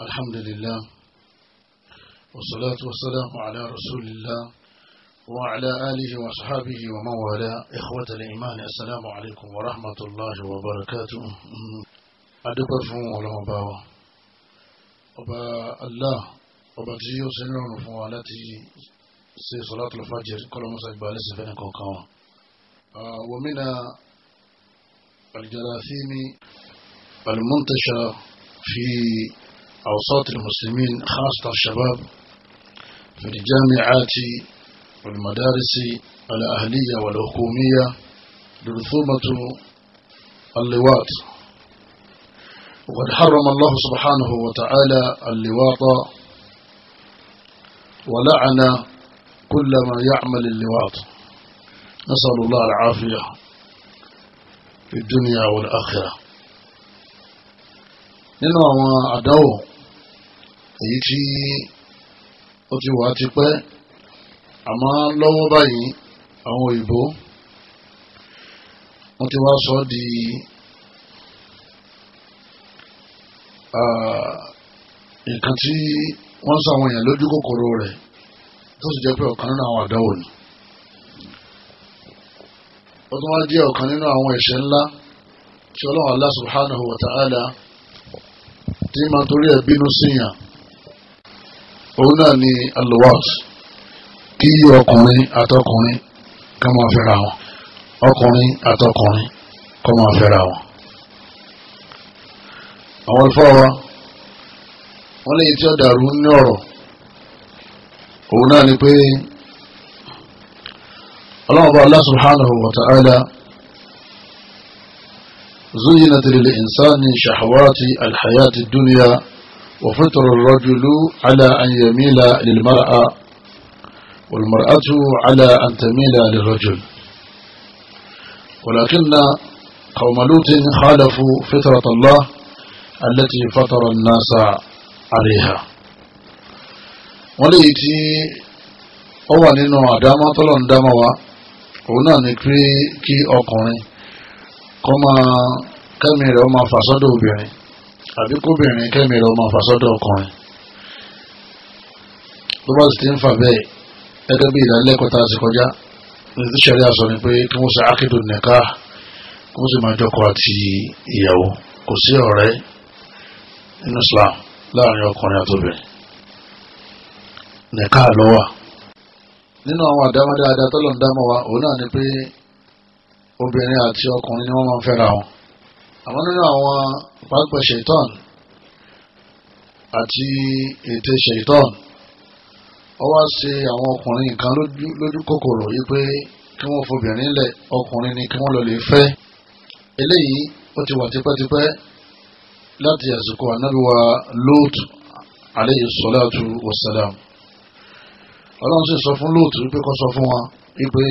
الحمد لله والصلاة والسلام على رسول الله وعلى آله وصحابه ومن والاه إخوة الإيمان السلام عليكم ورحمة الله وبركاته أدب فون ولا مباوا أبا الله أبا جيو سنون فون سي صلاة الفجر كل ما مساج بالس فين كوكاوا آه، ومن الجراثيم المنتشرة في أوساط المسلمين خاصة الشباب في الجامعات والمدارس الأهلية والحكومية لرثومة اللواط وقد حرم الله سبحانه وتعالى اللواط ولعن كل ما يعمل اللواط نسأل الله العافية في الدنيا والآخرة إنما أدعو èyí tí ó ti wà ti pẹ́ àmọ́ lọ́wọ́ báyìí àwọn òyìnbó wọ́n ti wá sọ ọ́ di nǹkan tí wọ́n sọ àwọn èèyàn lójú kòkòrò rẹ̀ tó sì jẹ́ pé ọ̀kan nínú àwọn àdáwò ni ó tún wá jẹ́ ọ̀kan nínú àwọn ẹ̀ṣẹ̀ ńlá tí ọlọ́run Allah subhanahu wa ta'ala tí máa torí ẹ̀ bínú síyàn òun náà ni aluwas kí ọkùnrin àtọkùnrin kọ́ máa fẹ́ra wọn ọkùnrin àtọkùnrin kọ́ máa fẹ́ra wọn. àwọn ìfọwọ́ wọn lè tí ó dàrú ní ọ̀rọ̀ òun náà ni pé ọlọ́run bá Allah subhanahu wa ta'ala zuyinat lil insani shahawati alhayati dunya. وفطر الرجل على أن يميل للمرأة والمرأة على أن تميل للرجل ولكن قوم لوط خالفوا فطرة الله التي فطر الناس عليها وليتي ó wà nínú àdámọ́ tọ́lọ̀ ń dámọ́ wa òun náà ni pé kí ọkùnrin àbí kóbìnrin kẹ́mi lọ́mọ fàṣọ́dọ̀ ọkùnrin tó bá sì ti ń fà bẹ́ẹ̀ gẹ́gẹ́ bí ìdálẹ́kọ̀ọ́ tá a sì kọjá ní ti ṣẹ̀rí àṣọ ni pé kí wọ́n ṣe ákídùn nìka kí wọ́n sì máa jọkọ̀ àti ìyàwó kò sí ọ̀rẹ́ nínú Islam láàrin ọkùnrin àtòbìnrin nìka ló nínú àwọn àdámọ́dáadáa tọ́lọ̀ ń dámọ́ wa òun náà ni pé obìnrin àti ọkùnrin ni wọ́n máa ń fẹ́ra wọn àwọn nínú àwọn pápẹ́ ṣètọ́n àti ète ṣètọ́n ó wá ṣe àwọn ọkùnrin nǹkan lójú kòkòrò yìí pé kí wọ́n fobìnrin lẹ̀ ọkùnrin ni kí wọ́n lọ lè fẹ́ eléyìí ó ti wà tipẹ́tipẹ́ láti àsìkò ànábìwá lóòtù aleyhi sọláàtù wasalam ọlọ́run sì sọ fún lóòtù wípé kó sọ fún wọn wípé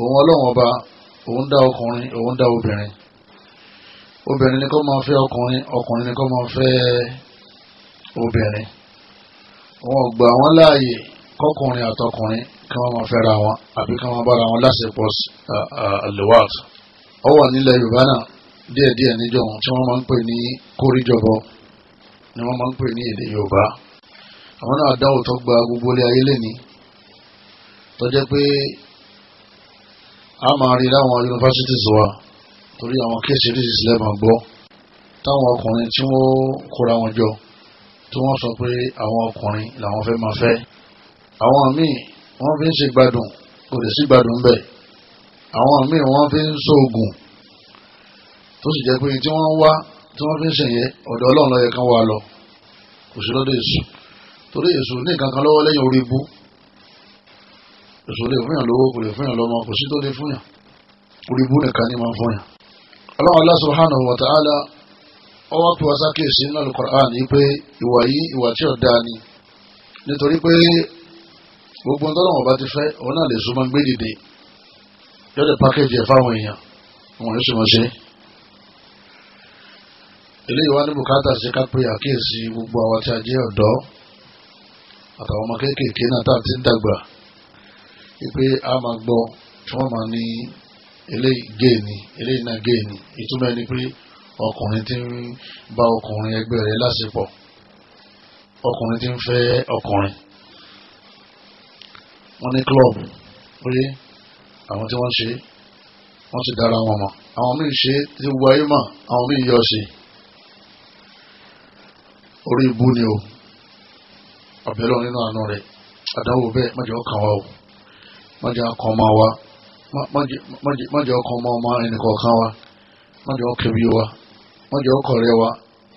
òun ọlọ́run ọba òun dá ọkùnrin òun dá obìnrin obìnrin ni kó máa fẹ́ ọkùnrin ọkùnrin ni kó máa fẹ́ obìnrin wọn gbà wọn láàyè kọkùnrin àtọkùnrin kí wọn máa fẹ́ra wọn àbí kí wọn bára wọn láṣepọ̀ àlùwàt ó wà nílẹ̀ yorùbá náà díẹ̀díẹ̀ níjọ tí wọ́n máa ń pè ní kórìjọbọ ni wọ́n máa ń pè ní èdè yorùbá àwọn náà dáwò tó gba gbogbo ilé ayé lẹ́ni tó jẹ́ pé a máa rí láwọn yunifásitì wa torí àwọn kéèsì rí ìsìlẹ̀ máa gbọ́ táwọn ọkùnrin tí wọ́n kóra wọn jọ tí wọ́n sọ pé àwọn ọkùnrin làwọn fẹ́ máa fẹ́ àwọn míì wọ́n fi ń ṣe gbádùn kò lè sí gbádùn bẹ́ẹ̀ àwọn míì wọ́n fi ń ṣoògùn tó sì jẹ́ pé tí wọ́n wá tí wọ́n fi ń ṣèyẹ ọ̀dọ̀ ọlọ́run ló yẹ kán wá lọ kò sí lọ́dọ̀ èṣù torí èṣù ní nǹkan kan lọ́wọ́ lẹ́yìn orí ibú èṣù lè fúnyàn lówó kò lè fúnyàn lọ́mọ kò sí tó lè fúnyàn orí ibú nìkan ni máa fúnyàn ọlọ́run Allah subhanahu wa ta'ala ọwọ́ pé wọ́n sákèsí nínú alukur'an yìí pé ìwà yìí ìwà tí ò dáa ni nítorí pé gbogbo ntọ́lọ́wọ̀n bá ti fẹ́ òun náà lè súnmọ́ gbé dìde yọ́dẹ̀ pákéjì ẹ̀ fáwọn èèyàn wọn yóò sì mọ̀ ṣe. eléyìí wá ní bùkátà sí ká pé àkíyèsí gbogbo àwa tí a jẹ́ ọ̀dọ́ àtàwọn ọmọ kéékèèké náà tá a ti ń dàgbà eléyìí géè ni eléyìí náà géè ni ìtumọ̀ ẹni pé ọkùnrin ti ń bá ọkùnrin ẹgbẹ́ rẹ̀ láṣepọ̀ ọkùnrin ti ń fẹ́ ọkùnrin wọ́n ní club pé àwọn tí wọ́n ṣe wọ́n ti dára wọn mọ̀ àwọn míì ṣe ti wọ ayé mọ̀ àwọn míì yọ ṣe orí ibú ni o ọ̀bẹ lọ nínú àánú rẹ̀ àdánwò bẹ́ẹ̀ má jẹ́ ọkàn o má jẹ́ akọ ọmọ mọ́jọ ma ọmọ ọmọ ẹnìkọ̀ọ̀kan wa mọ́jọ ọkẹ̀bí wa mọ́jọ ọkọ̀rẹ́ wa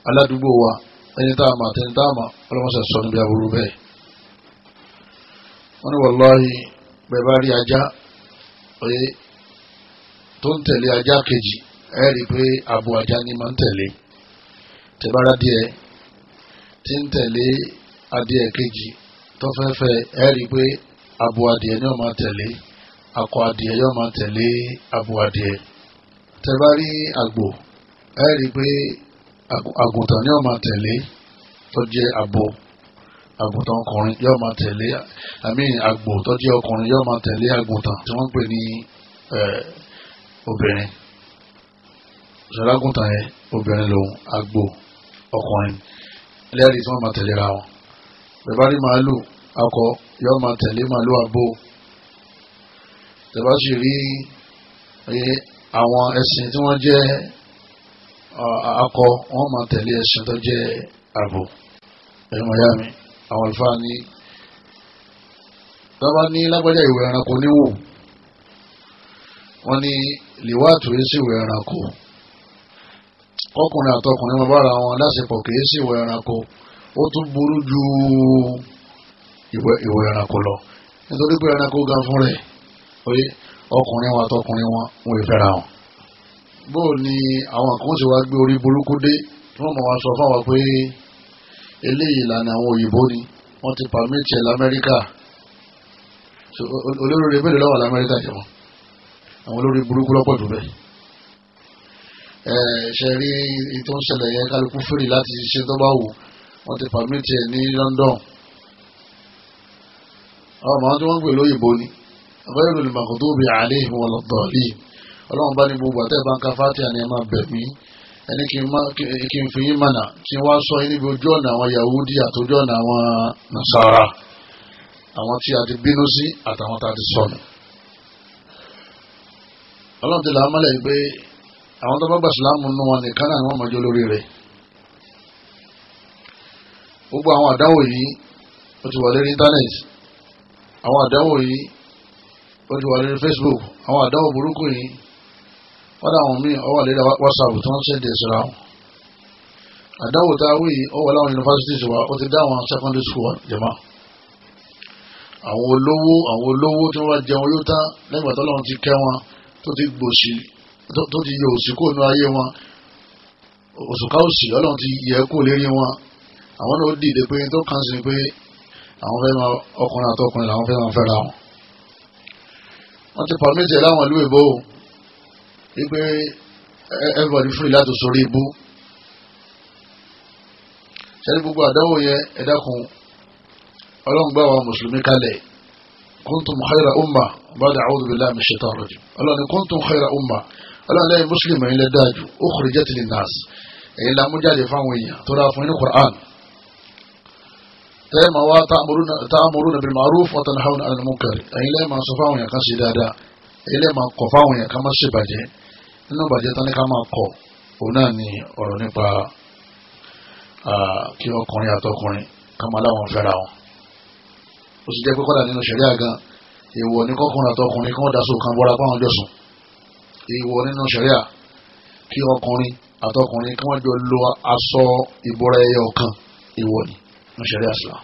aládùúgbò wa ẹni wa a mọ̀ ẹni tá ama mọ̀ sọ níbi àbúrú bẹ́ẹ̀. wọ́n ní wàláhì bẹ́ẹ̀ rí ajá pé tó ń kejì ẹ rí ni máa ń tẹ̀lé tẹ̀bára díẹ̀ tí ń kejì tó ẹ ni máa akọ adìẹ yóò máa tẹ̀lé abo adìẹ tẹ bá rí àgbò ẹ rí i pé àgùntàn yóò máa tẹ̀lé tó jẹ́ abo àgùntàn ọkùnrin yóò máa tẹ̀lé àmì àgbò tó jẹ́ ọkùnrin yóò máa tẹ̀lé àgùntàn tí wọ́n ń pè ní obìnrin ṣọlágùntàn yẹn obìnrin lòun àgbò ọkùnrin lẹ́yìn tí wọ́n máa tẹ̀lé ra wọn bẹ̀bá rí màálù akọ yóò máa tẹ̀lé màálù abo tẹ̀bá sì rí àwọn ẹ̀sìn tí wọ́n jẹ́ akọ wọ́n máa tẹ̀lé ẹ̀sìn tó jẹ́ àbò ẹ̀mọ̀ ya mi àwọn àlùfáà ní tọ́ba ní lágbájá ìwé ẹranko níwò wọ́n ní lèwàtò yìí sì ìwé ẹranko ọkùnrin àtọkùnrin máa bára wọn lásìkò kìí sí ìwé ẹranko ó tún burú ju ìwé ẹranko lọ nítorí pé ẹranko gan fún rẹ̀ oye ọkùnrin wọn àtọkùnrin wọn wọn ò fẹ́ra wọn. bó o ní àwọn kan ṣe wá gbé orí burúkú dé tí wọ́n mọ̀ wá sọ fáwọn pé eléyìí ìlànà àwọn òyìnbó ni wọ́n ti pàmìtì ẹ̀ lamẹ́ríkà olórí rẹ̀ bẹ̀rẹ̀ lọ́wọ́ lamẹ́ríkà jẹ̀ wọ́n àwọn olórí burúkú lọ́pọ̀ jù bẹ́ẹ̀. ẹ ṣe rí ètò ń ṣẹlẹ̀ yẹn kálukú fèrè láti ṣe tó bá wọ́n ti pàmìtì ẹ̀ ní London. àwọn màá tí wọ́n ń pè lóyìnbó ni. غير المغضوب عليهم ولا الضالين ọlọ́run bá ní gbogbo àtẹ́ bá ń ka fatiha ni ẹ máa bẹ̀ mí ẹni kí n fi yín mànà kí n wá sọ yín níbi ojú ọ̀nà àwọn yahudi àtòjú ọ̀nà àwọn nasara àwọn tí a ti bínú sí àtàwọn tá a ti sọnù. ọlọ́run ti là pé àwọn tó bá gbà sílámù nù wọn nìkan náà ni wọ́n mọ̀jọ́ lórí rẹ̀. gbogbo àwọn àdáwò yìí ó ti wà lórí íńtánẹ́ẹ̀tì àwọn àdáwò yìí wọ́n wa lórí facebook àwọn àdáwò burúkú yìí wọ́n dà wọ́n míì ọ wà lórí whatsapp tí wọ́n ń sèǹdè síra wọn. àdáwò tá a wí yìí ọ láwọn universities wa ó ti dá àwọn secondary school jẹ̀mọ́. àwọn olówó àwọn olówó tí wọ́n bá jẹun yóò tán lẹ́gbàá tó lọ́run ti kẹ́ wọn tó ti gbòòsì tó ti yọ òsì kúrò ní ayé wọn òṣùká òsì ọlọ́run ti yẹ kó lérí wọn àwọn náà dìde pé tó kàn sí pé àwọn fẹ́ máa ọkùnrin àtọkùnrin làwọn fẹ́ máa fẹ́ra wọn wọ́n ti pàmìtì ẹ̀ láwọn ìlú ìbò wípé everybody free láti sórí ibú sẹ́ni gbogbo àdánwò yẹn ẹ dákun ọlọ́run gbà wá mùsùlùmí kalẹ̀ kuntum khayra umma ba'da a'udhu billahi minash shaitani rajim ọlọ́run kuntum khayra umma ọlọ́run lẹ́yìn mùsùlùmí ẹ̀yin lẹ́dáàjù ukhrijat linnas ẹ̀yin làmújáde fáwọn èèyàn tó dáa fún yín ní Qur'an tẹ́ẹ̀mà wá ta'muruna bil ma'ruf wa tanhawna 'anil munkar ẹ̀yin lẹ́ẹ̀ máa sọ fáwọn yẹn kan ṣe dáadáa ẹ̀yin lẹ́ẹ̀ máa kọ̀ fáwọn yẹn kan má ṣe bàjẹ́ nínú bàjẹ́ tán ní ká máa kọ̀ òun náà ni ọ̀rọ̀ nípa kí ọkùnrin àtọkùnrin ká máa láwọn fẹ́ra wọn. ó sì jẹ́ pé kọ́dà nínú ṣẹ̀ríà gan ìwọ ní kọ́kùnrin àtọkùnrin kí wọ́n daṣọ kan bọ́ra báwọn jọ sùn ìwọ ní sẹ̀ríà Islam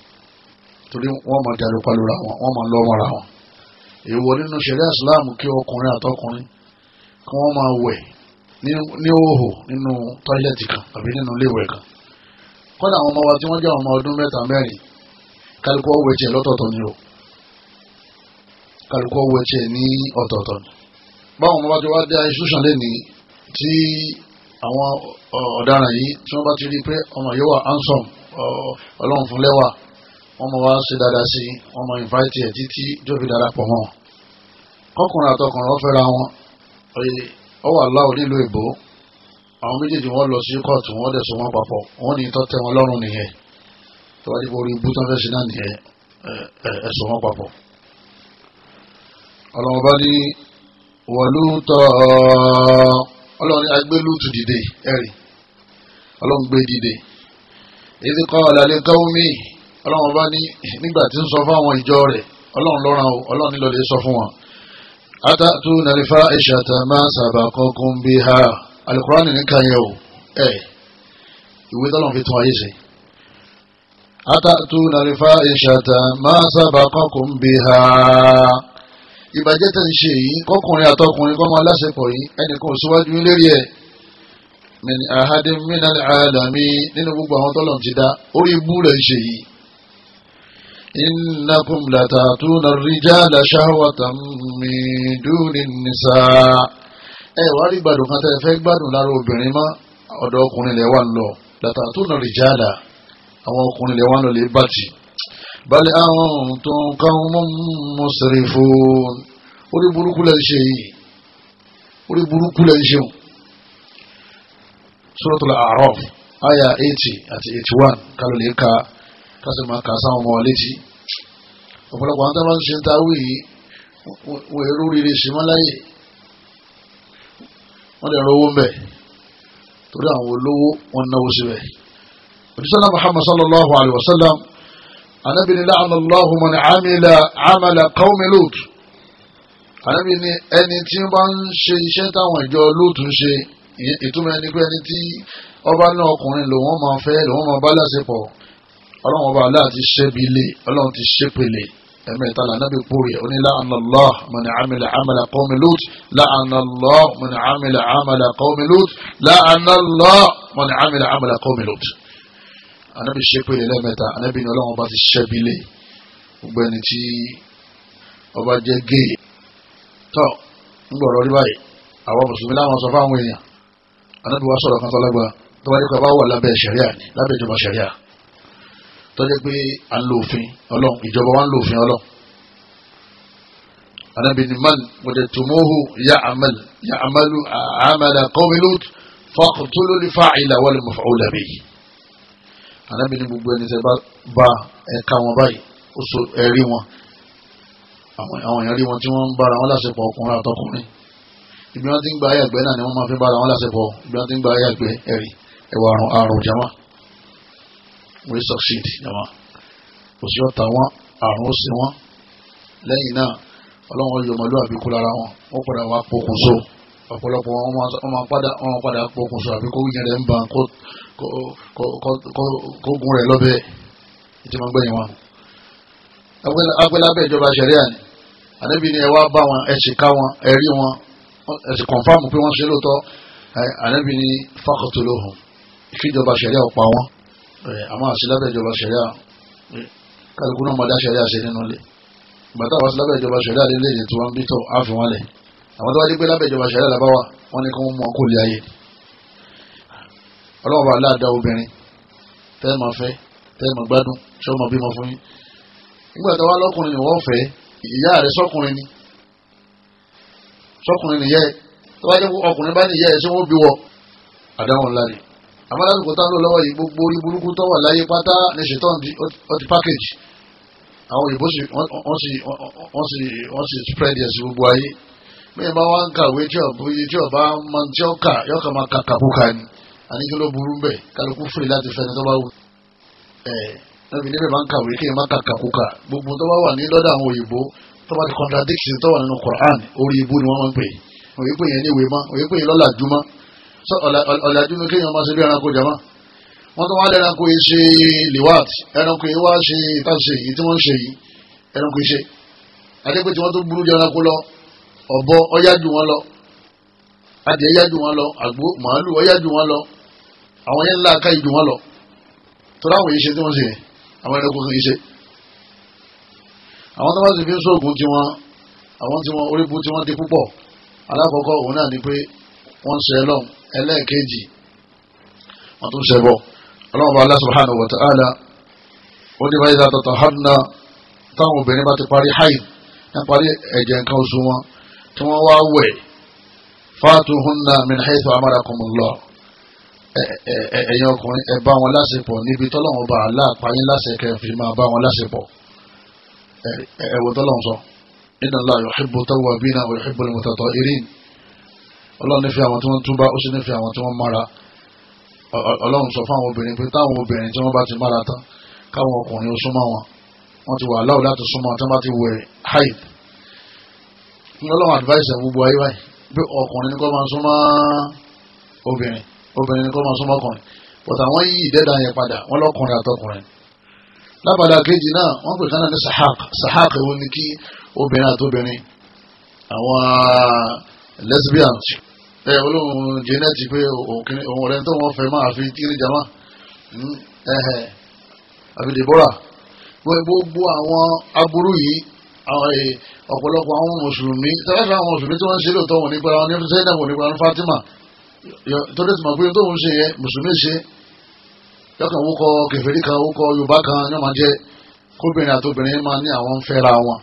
torí wọ́n máa jalè palura wọn wọ́n máa lọ́ mọ́ra wọn èèwọ̀ nínú sẹ̀ríà Islam kí ọkùnrin àtọkùnrin kí wọ́n máa wẹ̀ ní òhò nínú tọ́ílẹ̀tì kan àbí nínú iléèwẹ̀ kan kọ́dà àwọn ọmọ wa tí wọ́n jẹ́ ọmọ ọdún mẹ́ta mẹ́rin kálukú ọwọ́ ẹ̀jẹ̀ lọ́tọ̀ọ̀tọ̀ ni o kálukú ọwọ́ ẹ̀jẹ̀ ní ọ̀tọ̀ọ̀tọ̀ ni báwọn ọmọ bá ti wá dé institution lẹ́nìí tí àwọn ọ̀daràn yìí tí wọ́n bá ti rí pé ọmọ yìí wà handsome ọlọ́run fún lẹ́wà wọ́n mọ̀ wá ṣe dáadáa sí wọ́n mọ̀ invite ẹ̀ títí tó fi darapọ̀ mọ́ kọkùnrin àtọkùnrin ọ̀fẹ́ ra wọn ọwọ́ aláwọ̀ nílùú èbó àwọn méjèèjì wọn lọ sí kóòtù wọn dẹ̀ so wọn papọ̀ wọn ní tọ́tẹ wọn lọ́rùn nìyẹn tó wá dìbò orí ibú tán fẹ́ sí náà nìyẹn ẹ̀sùn wọn papọ̀ ọlọ́run bá ní wọ̀lú tọ́ ọlọ́run agbélùtù dìde ẹ̀rì ọlọ́run gbé dìde ìdí kọ́ ọ̀làlẹ́ gáwọ́mí ọlọ́run ọba ní nígbà tí ń sọ fáwọn ìjọ rẹ̀ ọlọ́run lọ́ràn o ọlọ́run nílò lè sọ fún wọn. atatu nàlífà ìṣàtà máa sábà kankan bí ha alukurani nìkan yẹ o ẹ ìwé tọ́lọ́run fi tún ayé ṣe. atatu nàlífà ìṣàtà máa sábà kankan bí ha ìbàjẹ́ tẹ̀ ń ṣe yìí kọkùnrin àtọkùnrin kọ́mọ aláṣepọ̀ yìí ẹnì kan ò síwájú lérí ẹ̀ min ahadin min al'alamin nínú gbogbo àwọn tọ́lọ̀ ti dá orí ibú rẹ̀ ṣe yìí innakum latatuna rijala shahwatan min duni nisa ẹ wá rí gbádùn kan tẹ́ ẹ fẹ́ gbádùn lára obìnrin mọ́ ọ̀dọ̀ ọkùnrin lẹ wá ń lọ latatuna rijala àwọn ọkùnrin lẹ wá ń lọ lè bàtì bal antum qawmun musrifun orí burúkú lẹ ń ṣe yìí orí burúkú lẹ ṣeun suratul a'raf aya eighty àti eighty one kálọ̀ lè ka kásì máa kà sáwọn ọmọ létí ọ̀pọ̀lọpọ̀ àwọn táwọn ṣe ń ta wí wọ́n èrú rere ṣe máa láyè wọ́n lè rówó mbẹ̀ torí àwọn olówó wọn náwó síbẹ̀ òjísọ́lá muhammad sallallahu alayhi wa sallam anabi ni la'ana allahu man amila amala qawmi lut anabi ni ẹni tí wọ́n bá ń ṣe iṣẹ́ táwọn ìjọ lóòtú ń ṣe ìtumọ̀ ẹni pé ẹni tí ọba náà ọkùnrin lòun máa fẹ́ lòun máa bá láṣepọ̀ ọlọ́run ọba aláà ti ṣẹ́bi lé ọlọ́run ti ṣépele ẹ̀mẹ́ta lànàbí pòrè oní láàánàlọ́ mọ̀nà àmìlà àmàlà qawmi Lut mọ̀nà àmìlà àmàlà qawmi Lut mọ̀nà àmìlà àmàlà qawmi ànàbí ṣépele lẹ́mẹ́ta ànàbí ni ọlọ́run ọba ti ṣẹ́bi lé gbogbo ẹni tí ọba jẹ́ géè tọ́ ń gbọ̀rọ̀ rí báyìí àwọn mùsùlùmí láwọn sọ fáwọn èèyàn anábì wa sọ̀rọ̀ kan tó lágbá tó wáyé pé a bá wà lábẹ́ ṣẹ̀ríà ni lábẹ́ ìjọba ṣẹ̀ríà tó jẹ́ pé à ń lo òfin ọlọ́run ìjọba wa ń lo òfin ọlọ́run anábì ni man wòde tòmóhù yá àmàl yá àmàlù àmàlà kọ́mílùt fàkùtúlù ní fàáìlà wọlé mọ̀fàúlà bẹ́ẹ̀ yìí anábì ni gbogbo ẹni tẹ́ bá ẹ̀ka wọn báyìí ó so wọn àwọn èèyàn rí wọn tí wọ́n ń bára wọn láṣepọ̀ ọkùnrin àtọkùnrin ibi wọn ti ń gba ayàgbẹ́ náà ni wọ́n máa fi bára wọn lásìkò ibi wọn ti ń gba ayàgbẹ́ ẹ̀rí ẹ̀wọ̀ àrùn àrùn jama wọ́n yìí succeed jama kò sí ọ̀tá wọn àrùn ó sì wọn lẹ́yìn náà ọlọ́run yóò mọ̀lú àbíkú lára wọn wọ́n padà wá pokùnso ọ̀pọ̀lọpọ̀ wọn máa padà wọn padà pokùnso àbí kó yẹn rẹ̀ ń ban kó gun rẹ̀ lọ́bẹ̀ ètò máa gbẹ̀yìn wọn. agbẹ́lábẹ́ ìjọba ṣẹ̀ríà ni àdébí ni ẹ wá bá ẹ̀sìn kọ̀nfàmù pé wọ́n ṣe lóòótọ́ ànábì ní faqtuluhum ìfíjọba ṣẹ̀ríà ọ̀pá wọn àmọ́ àṣìlábẹ̀ ìjọba ṣẹ̀ríà kálukú náà mọ̀dá ṣẹ̀ríà ṣe nínú ilé bàtà wá sí lábẹ́ ìjọba ṣẹ̀ríà lé léde tí wọ́n ń bí tọ̀ á fi wọ́n lẹ̀ àwọn tó wá dé pé lábẹ́ ìjọba ṣẹ̀ríà làbá wa wọ́n ní kí wọ́n mú ọkọ̀ lé ayé ọlọ́wọ́ bá láàdá obìnrin tẹ́ẹ̀ máa fẹ́ tẹ́ẹ̀ máa gbádùn ṣé ọmọ bímọ fún yín nígbà tó wá lọ́kùnrin ni wọ́n fẹ́ ìyá rẹ̀ sọkùnrin nìyẹn tó bá jẹ́ ọkùnrin bá nìyẹn ṣé wọ́n bí wọ àdáwọn ńlá ni àmọ́ lásìkò tá ló lọ́wọ́ yìí gbogbo orí burúkú tó wà láyé pátá ní ṣetán ọtí package àwọn òyìnbó sì wọ́n sì wọ́n sì wọ́n sì spread yẹn sí gbogbo ayé bí ìbá wa ń kàwé tí ọ̀bù yìí tí ọ̀bá máa ń tí ó kà yọ kà máa ka kàkúkà ni àní kí ló burú bẹ́ẹ̀ kálukú fèrè láti fẹ́ni tó bá wù ẹ̀ ẹ̀ níbi níbi máa ń kàwé kí n máa ka kàkúkà gbogbo tó wà ní lọ́dọ̀ àwọn òyìnbó tó bá ti contradiction tó wà nínú Quran orí ibú ni wọ́n máa ń pè òye pé yẹn ní ìwé mọ́ òye pé yẹn lọ́la jùmọ́ ọ̀làjú ni kéèyàn máa ṣe bí ẹranko jàmá wọ́n tó wá lé ẹranko yìí ṣe liwat ẹranko yìí wá ṣe ìtàṣe yìí tí wọ́n ń ṣe yìí ẹranko yìí ṣe adépe tí wọ́n tó burú jẹ ẹranko lọ ọ̀bọ ọ̀yájú wọn lọ adìẹ yájú wọn lọ àgbo màálù ọ̀yájú wọn lọ àwọn yẹn ńlá aká ìdù wọn lọ tó láwọn yìí ṣe tí wọ́n ṣe àwọn ẹranko yìí ṣe àwọn tó bá sì fi ń sóògùn tí wọn àwọn tí wọn orí bu tí wọn di púpọ̀ alákọ̀ọ́kọ́ òun náà ni pé wọ́n ń ṣe ẹlọ́run ẹlẹ́ẹ̀kejì wọ́n tún ṣe bọ̀ ọlọ́run bá Allah subhanahu wa ta'ala ó ní báyìí tàtàtà hànà táwọn obìnrin bá ti parí haid ní parí ẹ̀jẹ̀ nǹkan oṣù wọn tí wọ́n wá wẹ̀ fáàtù hùnà min haythu amarakumullah ẹ̀yin ọkùnrin ẹ bá wọn láṣepọ̀ níbi tọ́lọ́run bá aláàpáyín láṣẹ kẹfì máa bá wọn láṣepọ̀ ẹ̀wọ̀ tọ́lọ̀ sọ inna Allah yuhibbu tawwabina wa yuhibbu al-mutatahhirin ọlọ́run nífẹ̀ẹ́ àwọn tí wọ́n túbá ó sì nífẹ̀ẹ́ àwọn tí wọ́n mára ọlọ́run sọ fún àwọn obìnrin pé táwọn obìnrin tí wọ́n bá ti wọn ti wà láwù láti súnmọ́ tí wọ́n bá ti wẹ̀ haid ní ọlọ́run advice ẹ̀ gbogbo ayé báyìí bí ọkùnrin ni kò máa súnmọ́ obìnrin obìnrin ni kò máa súnmọ́ ọkùnrin but àwọn yìí ìdẹ́dà yẹn padà wọ́n lọ́kùnrin àtọkùnrin lábàdà kejì náà wọ́n pè kánà ní sahak sahak òun ni kí obìnrin àtobìnrin àwọn uh, lesbians ẹ olóhùn jẹnẹtì pé òun rẹ tó wọn fẹ́ máa fi tíri jama hmm, àfi Deborah gbogbo àwọn aburú yìí eh, ọ̀pọ̀lọpọ̀ àwọn mùsùlùmí tẹ́lẹ̀fẹ́ àwọn mùsùlùmí tí wọ́n ń ṣe lóòótọ́ wọn nípa wọn ní sẹ́yìn náà wọn nípa wọn Fatima torí tí mo pé tóun ṣe yẹ mùsùlùmí ṣe yọkàn wúkọ kẹfìrí kan wúkọ yorùbá kan ni wọn máa jẹ kóbìnrin àtòbìnrin máa ní àwọn fẹ́ra wọn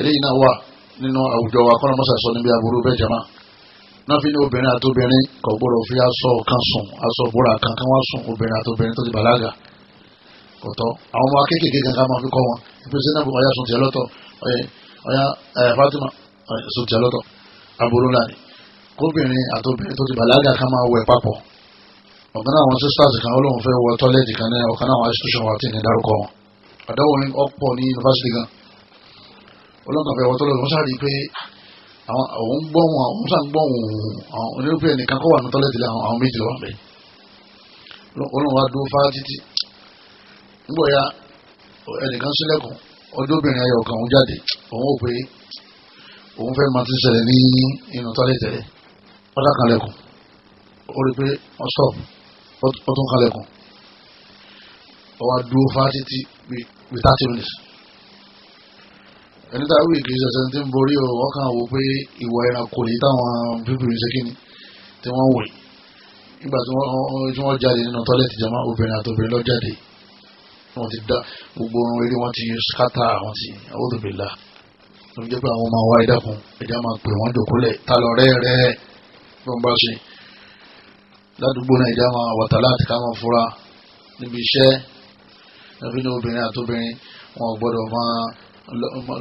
eléyìí náà wà nínú àwùjọ wa kọ́nà mọ́sà sọ níbi aburú bẹ́ẹ̀ jẹ́má náà fi ní obìnrin àtòbìnrin kò gbọ́dọ̀ fi aṣọ kan sùn aṣọ búra kan kan wá sùn obìnrin àtòbìnrin tó ti bàlágà kọ̀tọ́ àwọn ọmọ akékèké kankan máa fi kọ́ wọn ìpèsè náà ọ̀yà sùn tiẹ̀ lọ́tọ̀ ọ̀yà Fatima sùn tiẹ̀ lọ́tọ̀ aburú náà ni kóbìnrin àtòbìnrin tó ti bàlágà kan máa wẹ̀ papọ̀ ọ̀kan náà àwọn sisters kan olóhùn fẹ́ wọ tọ́lẹ́tì kan náà ọ̀kan náà àwọn institution wa ti ní dárúkọ wọn àdáwọ̀ ní ọ̀pọ̀ ní yunifásitì gan olóhùn fẹ́ wọ tọ́lẹ́tì wọn sáré pé àwọn òun gbọ́hùn àwọn sàn gbọ́hùn àwọn onírúfẹ́ nìkan kọ́ wà ní tọ́lẹ́tì lẹ́hìn àwọn méjì lọ́wọ́ bẹ́ẹ̀ olóhùn wa dúró fá títí nígbà ya ẹnìkan sílẹ̀kùn ọjọ́ obìnrin ayọ̀ kan òun jáde òun ò pé òun fẹ́ máa ti ṣẹlẹ̀ ní inú tọ́lẹ́tì rẹ̀ pátákànlẹ̀kùn ó rí pé wọ́n sọ̀rọ̀ ó tún kalẹ̀kùn ó wá dúró fáti tí bí thirty minutes ẹni tá a wí kì í ṣẹṣẹ tí ń borí o wọ́n kàn wò pé ìwà ẹranko lè táwọn bíbélì ṣe kí ni tí wọ́n wò nígbà tí wọ́n jáde nínú tọ́lẹ̀tì jama obìnrin àtobìnrin lọ jáde wọ́n ti dá gbogbo ohun eré wọ́n ti ṣáta àwọn ti àwòdòbìlà ló jẹ́ pé àwọn ọmọ wa ẹ̀dá kun ẹ̀dá máa pè wọ́n dòkúlẹ̀ ta lọ rẹ́ẹ̀rẹ́ bí bá ṣe ládùúgbò náà ìjà máa wàtà láti ká máa fura níbi iṣẹ́ ẹbí ní obìnrin àtobìnrin wọn gbọ́dọ̀ máa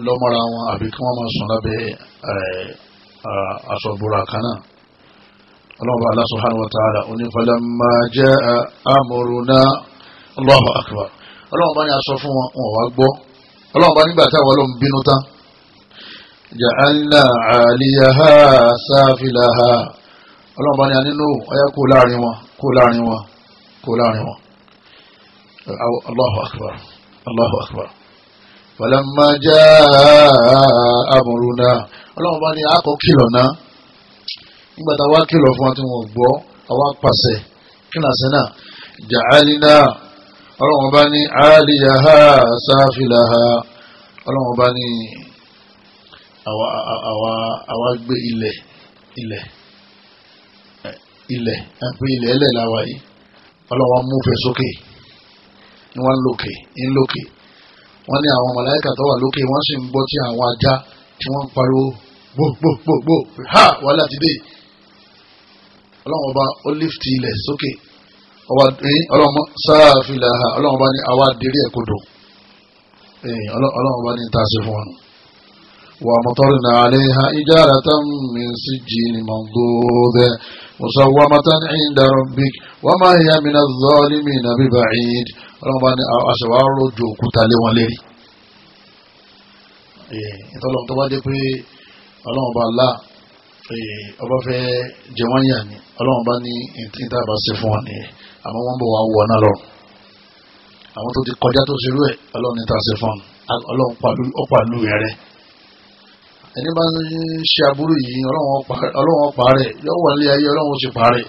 lọ́mọ́ra wọn àbí kí wọ́n máa sùn lábẹ́ aṣọ kan náà. اللهم الله سبحانه وتعالى فلما جاء أمرنا الله أكبر ọlọ́run bá ní aṣọ fún wọn wọn wá gbọ́ ọlọ́run bá nígbà táwọn ọlọ́run bínú tán ja'alna 'aliyaha safilaha ọlọ́run ni a nínú ọyá kó láàrin wọn kó láàrin wọn kó láàrin wọn. Allahu akbar akọ kìlọ̀ náà nígbà tá a wá kìlọ̀ fún wa tí wọ́n gbọ́ pàṣẹ ja'alina ha. àwa gbé ilẹ̀ àpé ilẹ̀ ẹlẹ̀ làwà yìí ọlọ́wọ́ múfẹ́ sókè ni wọ́n ń lòkè ń lòkè wọ́n ní àwọn màláíkà tó wà lókè wọ́n sì ń gbọ́ tí àwọn ajá tí wọ́n ń pariwo gbogbogbò ha wàhálà ti dé ọlọ́wọ́n bá ó lífti ilẹ̀ sókè ọlọ́wọ́n sáàfìlà ha ọlọ́wọ́n bá ní àwa adìrí ẹ̀ kodò ọlọ́wọ́n bá ní ta sí fún wọn. ومطرنا عليها إجارة من سجين منضود مسومة عند ربك وما هي من الظالمين ببعيد ọlọ́mọba ní aṣèwárò ju òkúta lé wọn lérí ìtọ́lọ́mọ tó bá dé pé ọlọ́mọba Allah ọba fẹ́ jẹ wọ́n yà ní ọlọ́mọba ní ìta bá ṣe fún wọn nìyẹn àmọ́ wọ́n bọ̀ wá wọ náà lọ àwọn tó ti kọjá tó ṣerú ẹ̀ ọlọ́run ní ta ṣe fún wọn ọlọ́run ọ̀pàlú ẹ̀rẹ́ ẹni bá ń ṣe aburú yìí ọlọ́wọ́n parẹ́ yóò wà nílé ayé ọlọ́wọ́n ti parẹ́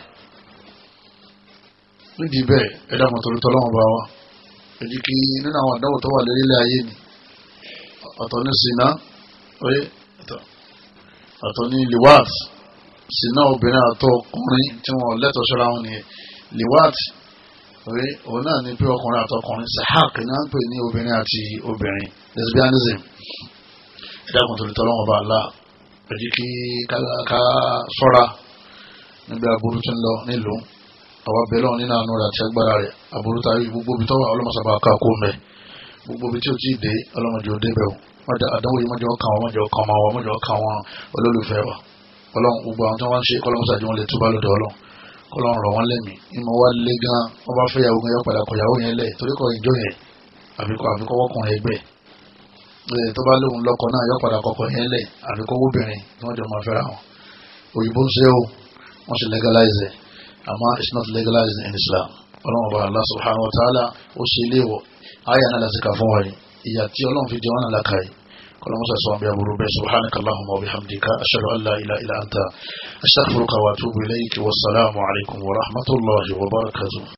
nídìí bẹ́ẹ̀ ẹ̀dá mọ̀tòlótọ́ ọlọ́wọ́n bá wa èdè kí nínú àwọn àdáwò tó wà lórí ilé ayé ni ọ̀tọ̀ ní sinna oye ọ̀tọ̀ ní liwat sinna obìnrin àtọ̀ ọkùnrin tí wọ́n lẹ́tọ̀ọ́ ṣọ́ra wọn nìyẹn liwat oye òun náà ní pé ọkùnrin àtọkùnrin sahak náà ń pè ní obìnrin àti obìnrin lesbianism ìdáhùn tó lè tọ́ lọ́wọ́ bá a la ẹ̀jẹ̀ kí ká sọ́ra níbi aburú tí ń lọ nílùú àwọn abẹ́lẹ́ nínú àánú rẹ̀ àti agbára rẹ̀ aburú tá a yí gbogbo ibi tọ́wọ́ ọlọ́mọṣàbà ká kó mẹ́ gbogbo ibi tí o ti dé ọlọ́mọdé ò débẹ̀ o mọ̀jọ àdánwò yìí mọ̀jọ kan wọn mọ̀jọ kan wọn mọ̀jọ kan wọn olólùfẹ́ wa ọlọ́run gbogbo àwọn tí wọ́n ṣe kọ́lọ́mọṣàjì wọn lè túbà lọ́dọ̀ ọlọ́run kọ́lọ́run rọ̀ wọ́n lẹ́mí inú wa lé gan wọ́n bá fẹ́ yàwó yẹn padà kọ̀yàwó yẹn lẹ̀ torí kọ́ ìjọ yẹn àfikọ́ àfikọ́ wọ́kùnrin ẹgbẹ́ tó bá lóun lọ́kọ náà yọ padà kọ́kọ́ yẹn lẹ̀ àfikọ́ obìnrin tí wọ́n jọ máa fẹ́ra wọn òyìnbó ń ṣe o wọ́n ṣe legalize it àmọ́ it's not legalized in Islam ọlọ́run ọba Allah subhanahu wa ta'ala ó ṣe ilé wọ̀ ayé náà láti kà fún wa yìí ìyà tí ọlọ́run fi jẹ wọn náà láka yìí kọlọ́mọ́sá sọ wọn bí aburú bẹ́ẹ̀ subhanaka allahumma wa bihamdika ashhadu an la ilaha illa anta astaghfiruka wa atubu ilayk wa assalamu alaykum wa rahmatullahi wa barakatuh.